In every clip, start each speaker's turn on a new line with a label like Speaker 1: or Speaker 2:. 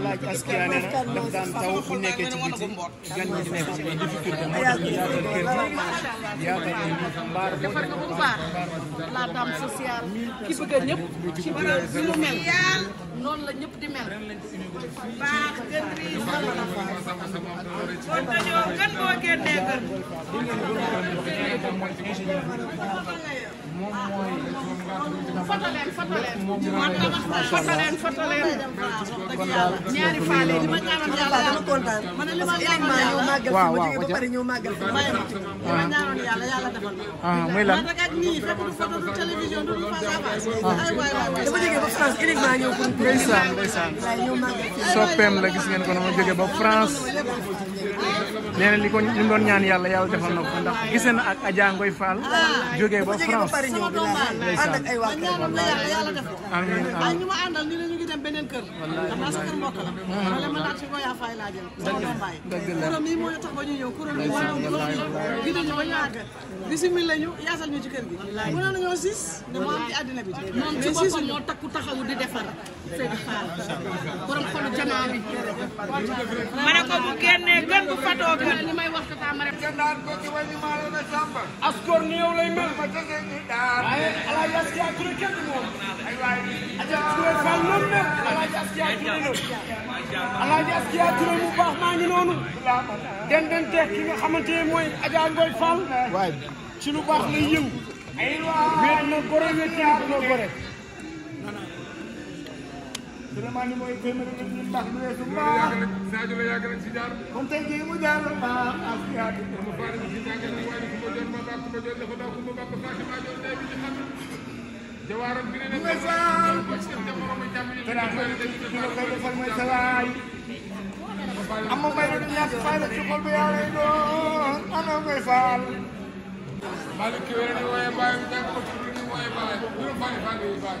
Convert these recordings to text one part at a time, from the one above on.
Speaker 1: Alaaji Askia nee na daf daan taw bu nekkee ci biti gan ñi di nekk ci ay bu baax la sociale ki bëgg ñëpp ci bëgg ci lu mel noonu la ñëpp di mel baax gën rii kon dañoo gën boo génnee gën moom mooy photo leen photo leen photo leen photo leen ñaari faale li ma ñaanoon yàlla dama kontaan ma ne li ma ñaanoon yàlla màggal waaw waaw ba pare ñëw màggal fi ma ñaanoon yàlla yàlla defal ah muy lan ma ak nii fekk du photo du télévision du face à face ay waay waay dama jógee ba France uniquement ñëw pour ndeysaan ndeysaan soppeem la gis ngeen ko na ma jógee ba France nee na li ko li doon ñaan yàlla yàlla defal na ko ndax gise na ak Adja Ngoy Fall jógee ba France. amiin amiin dem beneen kër ndax naa sa kër mbokk la wala ma laaj si ko yaa fay laajal sama doom bàyyi kuréel yi mooy tax ba ñu ñëw kuréel yi waaw loolu gida ñu ba ñu àgg bisimilah la ñu yaasal ñu ci kër gi mënoon nañoo siis ne moo am ci àddina bi moom ci boppam moo takku taxawu di defar Seydou Fall borom xolu janaa bi ma ne ko bu génnee gën bu fatoo gën li may wax tata ma rek naan ko ci wàññi maa la samba askor néew lay mel ma tase ni daal Alaaji Askiya Touré kenn du mu baax maa den den teeg ki nga mooy Adja Ngoy Fall ci lu baax lay yëngu wéet na gore wéet na vraiment ni mooy téeméeri nit ñi tax lu weesu mbaa Sadio la yàgg nañ si jaar kon tey jii mu jaar mbaa asiyaatu mu faari si jàng ni waaye ku ma jot ma bàkk ma jot dafa daw ku ma bàkk fàcce maa jot day bi ci xam jawaaram bi ne ne mooy sa am may do ñaar fay la ci xol bi yaa lay doon ana ngay faal Malick wéré ni waaye baay jàng ko ci
Speaker 2: ni waaye baay ñu faal faal yi
Speaker 1: baay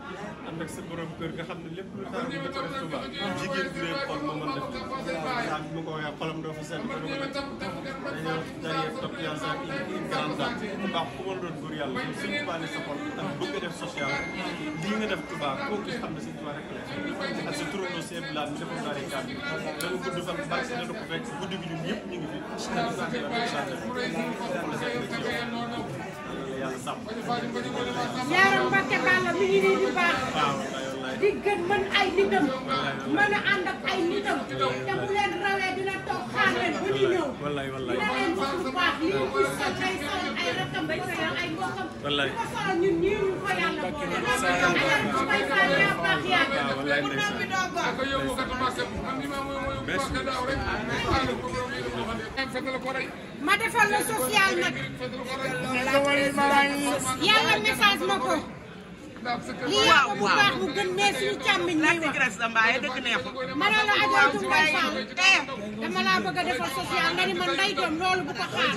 Speaker 1: ànd ak sa borom kër nga xam ne lépp lu tax nga ko def Touba jigéen bi dee xol moo mën def daal bi ma ko waxee xolam doo fa seetlu ko doo ko def dañoo dañoo topp yàlla sax une grande date bu baax ku ma doon góor yàlla yow suñu baale sa xol ak bëgg a def social lii nga def Touba kooku xam ne suñu Touba rek la ak sa turam aussi bilaat bi defoon naa leen gàtt dana gudd fan baax si dana ko fekk guddi gi ñun ñëpp ñu ngi
Speaker 2: fi. yàlla sàmm. yaram Mbacke Balla mi ngi nii di baax.
Speaker 1: di gën mën ay nitam. mën a ànd ak ay nitam. te bu leen rawee dina toog xaar leen ba ñu ñëw. dina leen wax bu baax li ñu ko sol day sol ay rakam bay sol ay mbokkam. di ko sol ñun ñii ñu ko yàlla boole. ayam bu may faa yaa baax yaa ngi. bu noppi doo baax. ma defal la social nag yàlla message ma ko li yàlla bu baax bu gën nee suñu càmmiñ ñuy wax ma ne la Adja Doumbaye Fall eh dama laa bëgg a defal social nga ni ma nday doom loolu bu ko xaar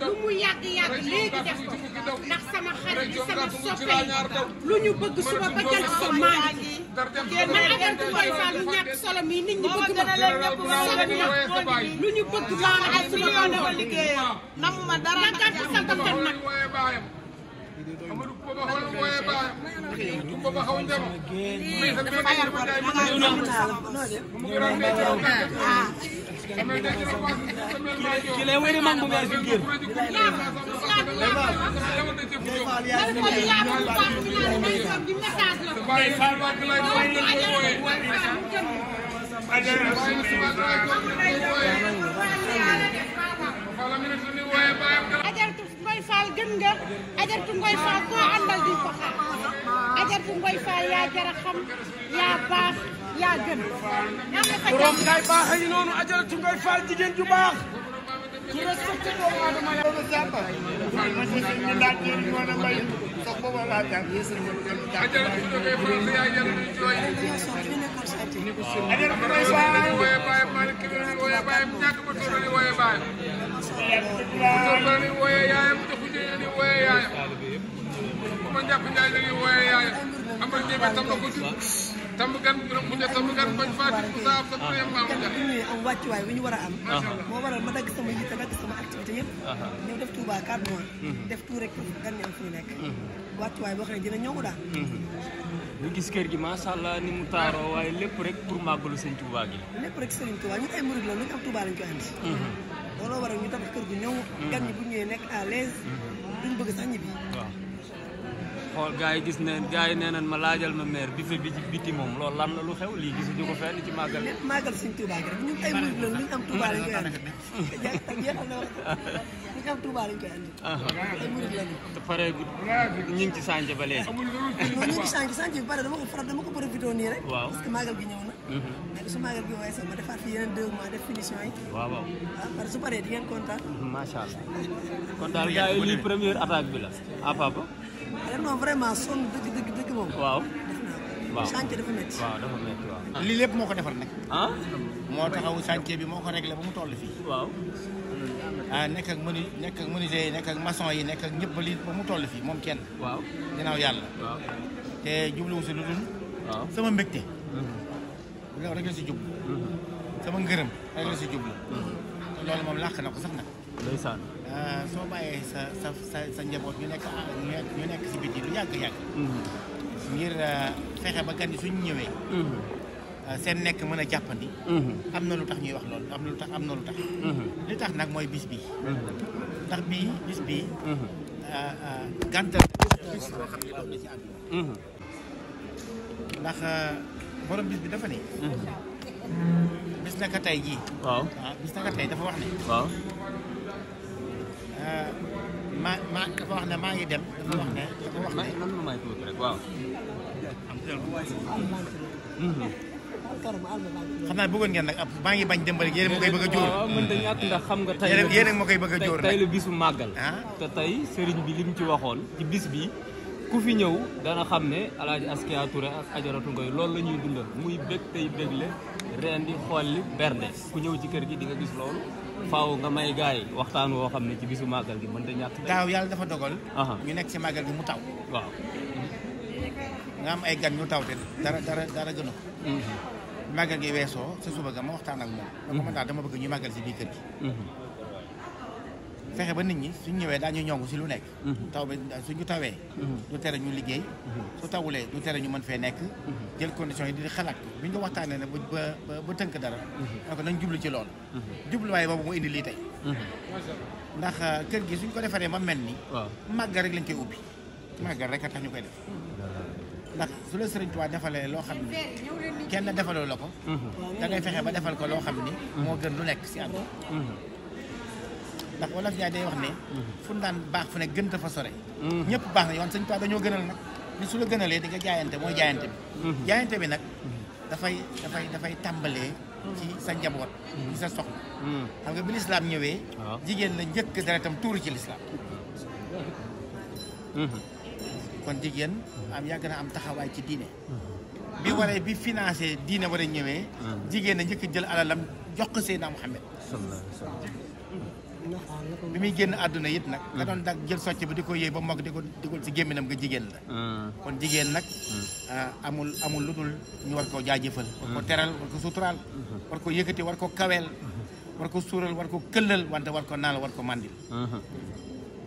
Speaker 1: lu mu yàgg yàgg léegi def ko ndax sama xarit bi sama soppeeku lu ñu bëgg suba ba jant so maa ngi a man Adama Touba Fall lu a solo mi nit ñi bëgg ma sopp ma lu ñu bëgg maa ngi suba ba ndaw liggéeyam. namm ma dara nag gàtt sant ak nag. Amadou Koba xaw na wooyee baayam. Amadou Koba xaw njama. mais sa benn benn ko jaay ma ne ma mu gënoon denc la tànk. mais denc la ko semaine maa jox. kile wéri man bu bees bi génn. Baye Fall Bakk lay ko wooyee. Baye Fall Bakk Fall gën nga ajartu Ngoy Fall koo àndal yaa jara yaa baax yaa gën. borom kay baax a ngi noonu ajartu Ngoy Fall jigéen ju baax. su respecté doomu aadama yaa ngi sàmba. man de ñu laaj yéen ñu mën a mbay sax booba laa wàccuwaay wi ñu war a am moo waral ma dagg sama yitte dagg sama activité yëpp ñëw def Touba quatre mois def tout rek gan ñi am fu ñu nekk wàccuwaay boo xam ne dina ñëw daal. Mm-hmm. ñu gis kër gi macha allah ni mu taaroo waaye lépp rek pour màggalu sëñ Touba gi. lépp rek sëñ Touba ñun ay murid la lu ñu am Touba lañ koy andi. Mm-hmm. looloo waral ñu tabax kër gu ñëw. Mm-hmm. gan ñi bu ñëwee nekk à l'aise duñ bëgg sax bi xool gaa yi gis neen gaa yi nee nañ ma laajal ma maire bi fe bi ci biti moom loolu lan la lu xew lii gisuñu ko fenn ci màggal. lépp màggal suñ Touba gi rek ñun ah. pare ci sànq ba bi pare ko faral dama nii rek. waaw mhm. ah, su paree di ngeen kontaan. Mhm, macha kon daal gars yi lii première attaque bi la ah mais vraiment sonn dëgg dëgg dëgg lii lépp moo ko defar nag. ah. moo taxaw chantier bi moo ko réglé ba mu toll fii. waaw. ah nekk ak mënu yi nekk ak maçon yi nekk ak ñëpp ba lii mu toll fii moom kenn. waaw ginnaaw yàlla. waaw te jubluwu si lu dul. waaw sama mbégte. Mm-hmm. loolu rek si jublu. Mm-hmm. sama ngërëm rek si jublu. Mm-hmm. loolu moom làq na ko sax nag. Euh, soo bàyyee sa sa sa sa njaboot ñu nekk ñu nekk si biti lu yàgg yàgg. Mm-hmm. ngir euh, fexe ba gan yi suñ ñëwee. Mm-hmm. Euh, seen nekk mën a jàppandi. Mm-hmm. am na lu tax ñuy wax loolu am na lu tax am li tax nag mooy bis bi. ndax bii bis bi gàntal bis boo xam bi dafa ne. bis naka tey jii. waaw ah, bis naka tey dafa wax ne. waaw. ma ma dafa wax maa ngi dem. dafa wax ne dafa wax ne. man man tuuti rek mm-hmm. maa ngi bañ dembal yéen ma koy bëgg a jóor. waaw mën dañu àtt ndax xam nga. tey yéen moo koy bëgga a jóor tey la bisu màggal. Ah? te tey sëriñ bi li ci waxoon ci bis bi. ku fi ñëw dana xam ne alaaji Askia Touré ak ajaratu Ngoy loolu la ñuy dundal muy bég tey bégle reen di xool li bernde ku ñëw ci kër gi di gis loolu faaw nga may gaay waxtaan woo xam ne ci bisu màggal gi mën da ñàkk daaw yàlla dafa dogal ñu nekk ci màggal gi mu taw waaw nga am ay gan ñu taw de dara dara dara gënu ko mhm. gi weesoo sa suba ga ma waxtaan ak moom mhm. dama daal dama bëgg ñu màggal si di kër gi mhm. fexe ba nit ñi suñ ñëwee daañu ñongu si lu nekk mhm. taw bi suñu tawee mhm. du tere ñu liggéey mhm. su tawulee du tere ñu man fee nekk jël conditions yi di xalaat bi ñu ko waxtaanee ne ba ba tënk dara donc nañ jublu ci loolu jubluwaay boobu mu indi lii tey ndax euh, kër gi suñ ko defaree ba mel ni màggal rek lañ koy ubbi màggal rek a tax ñu koy def ndax su la Sëriñ Tuubaa defalee loo xam ni kenn defaloo la ko da fexe ba defal ko loo xam ni moo gën lu nekk si àdduna ndax wala fi ñaay day wax ne mm-hmm. fu mu baax fu ne gën dafa sore mm-hmm. ñëpp baax na yoon sëñ Tuubaa dañoo gënal nag ni su la gënalee di nga jaayante mooy jaayante bi mm-hmm. bi nag dafay tàmbalee ci sa njaboot ci sa soxna xam nga bi lislaam ñëwee jigéen la njëkk deretam tuuru ci lislaam kon jigéen am yàgg na am taxawaay ci diine bi waree war ñëwee jigéen a njëkk jël alalam jox ko Seydina Muhammad bi muy génn àdduna it nag la doon dag jël socc bi di ko yëy ba mokk di ko si gémminam nga jigéen la hmm. kon jigéen nag hmm. ah, amul amul lu dul ñu war ko jaajëfal war ko hmm. teral war ko suturaal war ko yëkkati war ko kaweel war ko suural ko këllal wante war ko naal war ko màndil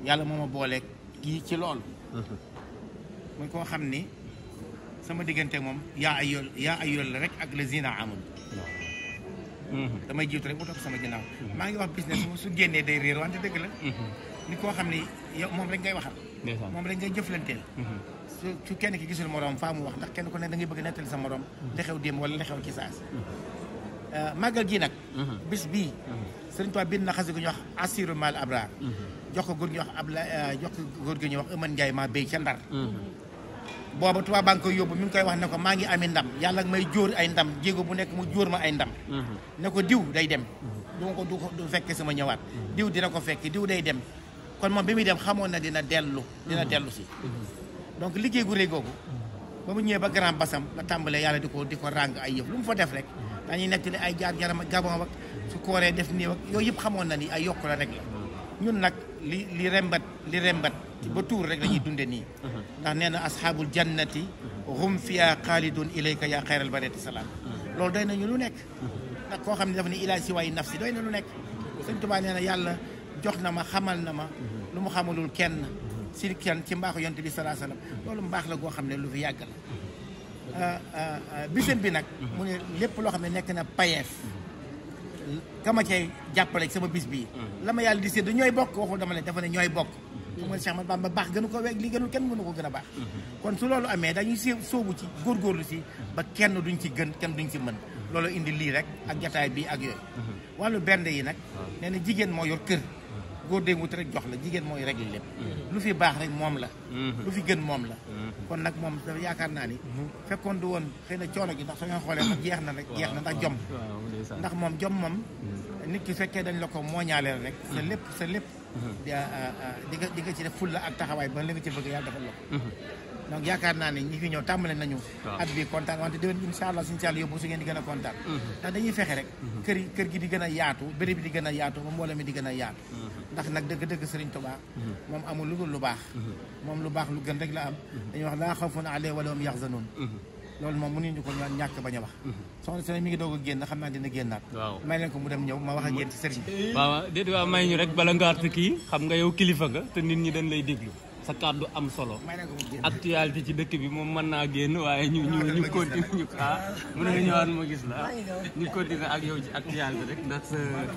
Speaker 1: yàlla moo ma booleeg kii ci loolu muy ko xam ni sama diggante moom yaa ay yool yaa ay la rek ak la zina amul damay jiitu rek mu topp sama ginnaaw maa ngi wax business su génnee day réer wante dëgg la ni koo xam ni yow moom rek ngay waxal moom rek ngay jëflanteel su kenn ki gisul moroom faa mu wax ndax kenn ku ne da ngay bëgg nettali sa moroom li xew démb wala li xew ci saas euh, màggal gi nag bis bii sëriñ Tuubaa bi na xasi gu ñuy wax assirul mal abrar mhm. jox ko góor gi ñuy wax abla euh, jox ko góor gi wax ëman Njaay maa béy ca Ndar mhm. booba Touba baa ngi koy yóbbu mi ngi koy wax ne ko maa ngi ami ndam yàlla may jóor ay ndam jéego bu nekk mu jóor ma ay ndam mhm. ne ko diw day dem mhm. du ma ko du fekkee sama ñëwaat diw dina ko fekk diw day dem kon moom bi muy dem xamoon na dina dellu dina mhm. dellu si donc liggéey gu rëy googu ba mu ñëwee ba Grand Bassam la tàmbalee yàlla di ko di ko ràng ay yëf lu mu fa def rek dañuy nettali ay jaar jaram ak gabon ak su kooree def nii ak yooyu yëpp xamoon na ni ay yokku la ñun nag li li rembat li rembat ba tuur rek dañuy dunde nii ndax nee na asxaabul jannati hum fiya xaalidun ilayka yaa xayral bariyati salaam loolu doy nañu lu nekk ndax koo xam ne dafa ne ilaa si nafsi doy na lu nekk sëñ Tuubaa nee yàlla jox na ma xamal na ma lu mu xamalul kenn si kenn ci mbaaxu yonte bi salaa salaam loolu mbaax la goo xam ne lu fi yàgg la euh, euh, euh, bisim bi nag mu ne lépp loo xam ne nekk na payeef kama cay jàppale sama bis bii mm-hmm. la ma yàlla di sédd ñooy bokk waxul dama ne ñooy bokk mooy Cheikh Ahmadou Bamba baax gënu ko weeg li gënul kenn mënu ko gën a baax kon su loolu amee dañuy s soobu ci góorgóorlu si ba kenn duñ ci gën kenn duñ ci mën loolu indi lii rek ak jataay bi ak yooyu wàllu bernde yi nag nee jigéen moo yor kër góor dee wut rek jox la jigéen mooy rek réglé lépp lu fi baax rek moom la lu fi gën moom la kon nag moom dafa yaakaar naa ni fekkoon du woon xëy na coono gi ndax soo xoolee nag jeex na rek jeex na ndax jom ndax moom jom moom nit ki fekkee dañ la ko mooñaaleel rek sa lépp sa lépp Ah, ah, ah, di nga di nga ci fulla ak taxawaay ba li nga ci bëgg yàlla defal la ko mhm. donc yaakaar naa ne ñi fi ñëw tàmbale nañu at bi kontaan wante déwén incha allah suñu yóbbu su ngeen di gën a kontaan mhm. ndax dañuy fexe rek mhm. kër kër gi di gën a yaatu béréb bi di gën a yaatu ba mbooloo mi di gën a yaatu ndax nag dëgg-dëgg Sëriñ Tuubaa moom amul lu dul lu baax moom lu baax lu gën rek la am dañuy wax laa xawfun alayhim wa laa hum yaxzanuun loolu moom mënuñu ko ñàkk bañ a wax mhm. soxna si nag mi ngi doog a génn xam naa dina génnaat waaw may leen ko mu dem ñëw ma wax ak yéen ci sëriñ bi waaw déedéet waaw may ñu rek bala nga àtt kii xam nga yow kilifa nga te nit ñi dañ lay déglu sa kàddu am solo actualité ci dëkk bi moom mën naa génn waaye ñu ñu ah, ñu continue ñu ah mën nga gis la ñu ak yow ci actualité rek ndax euh,